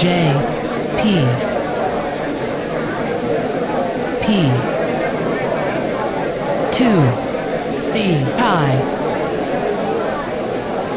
J P C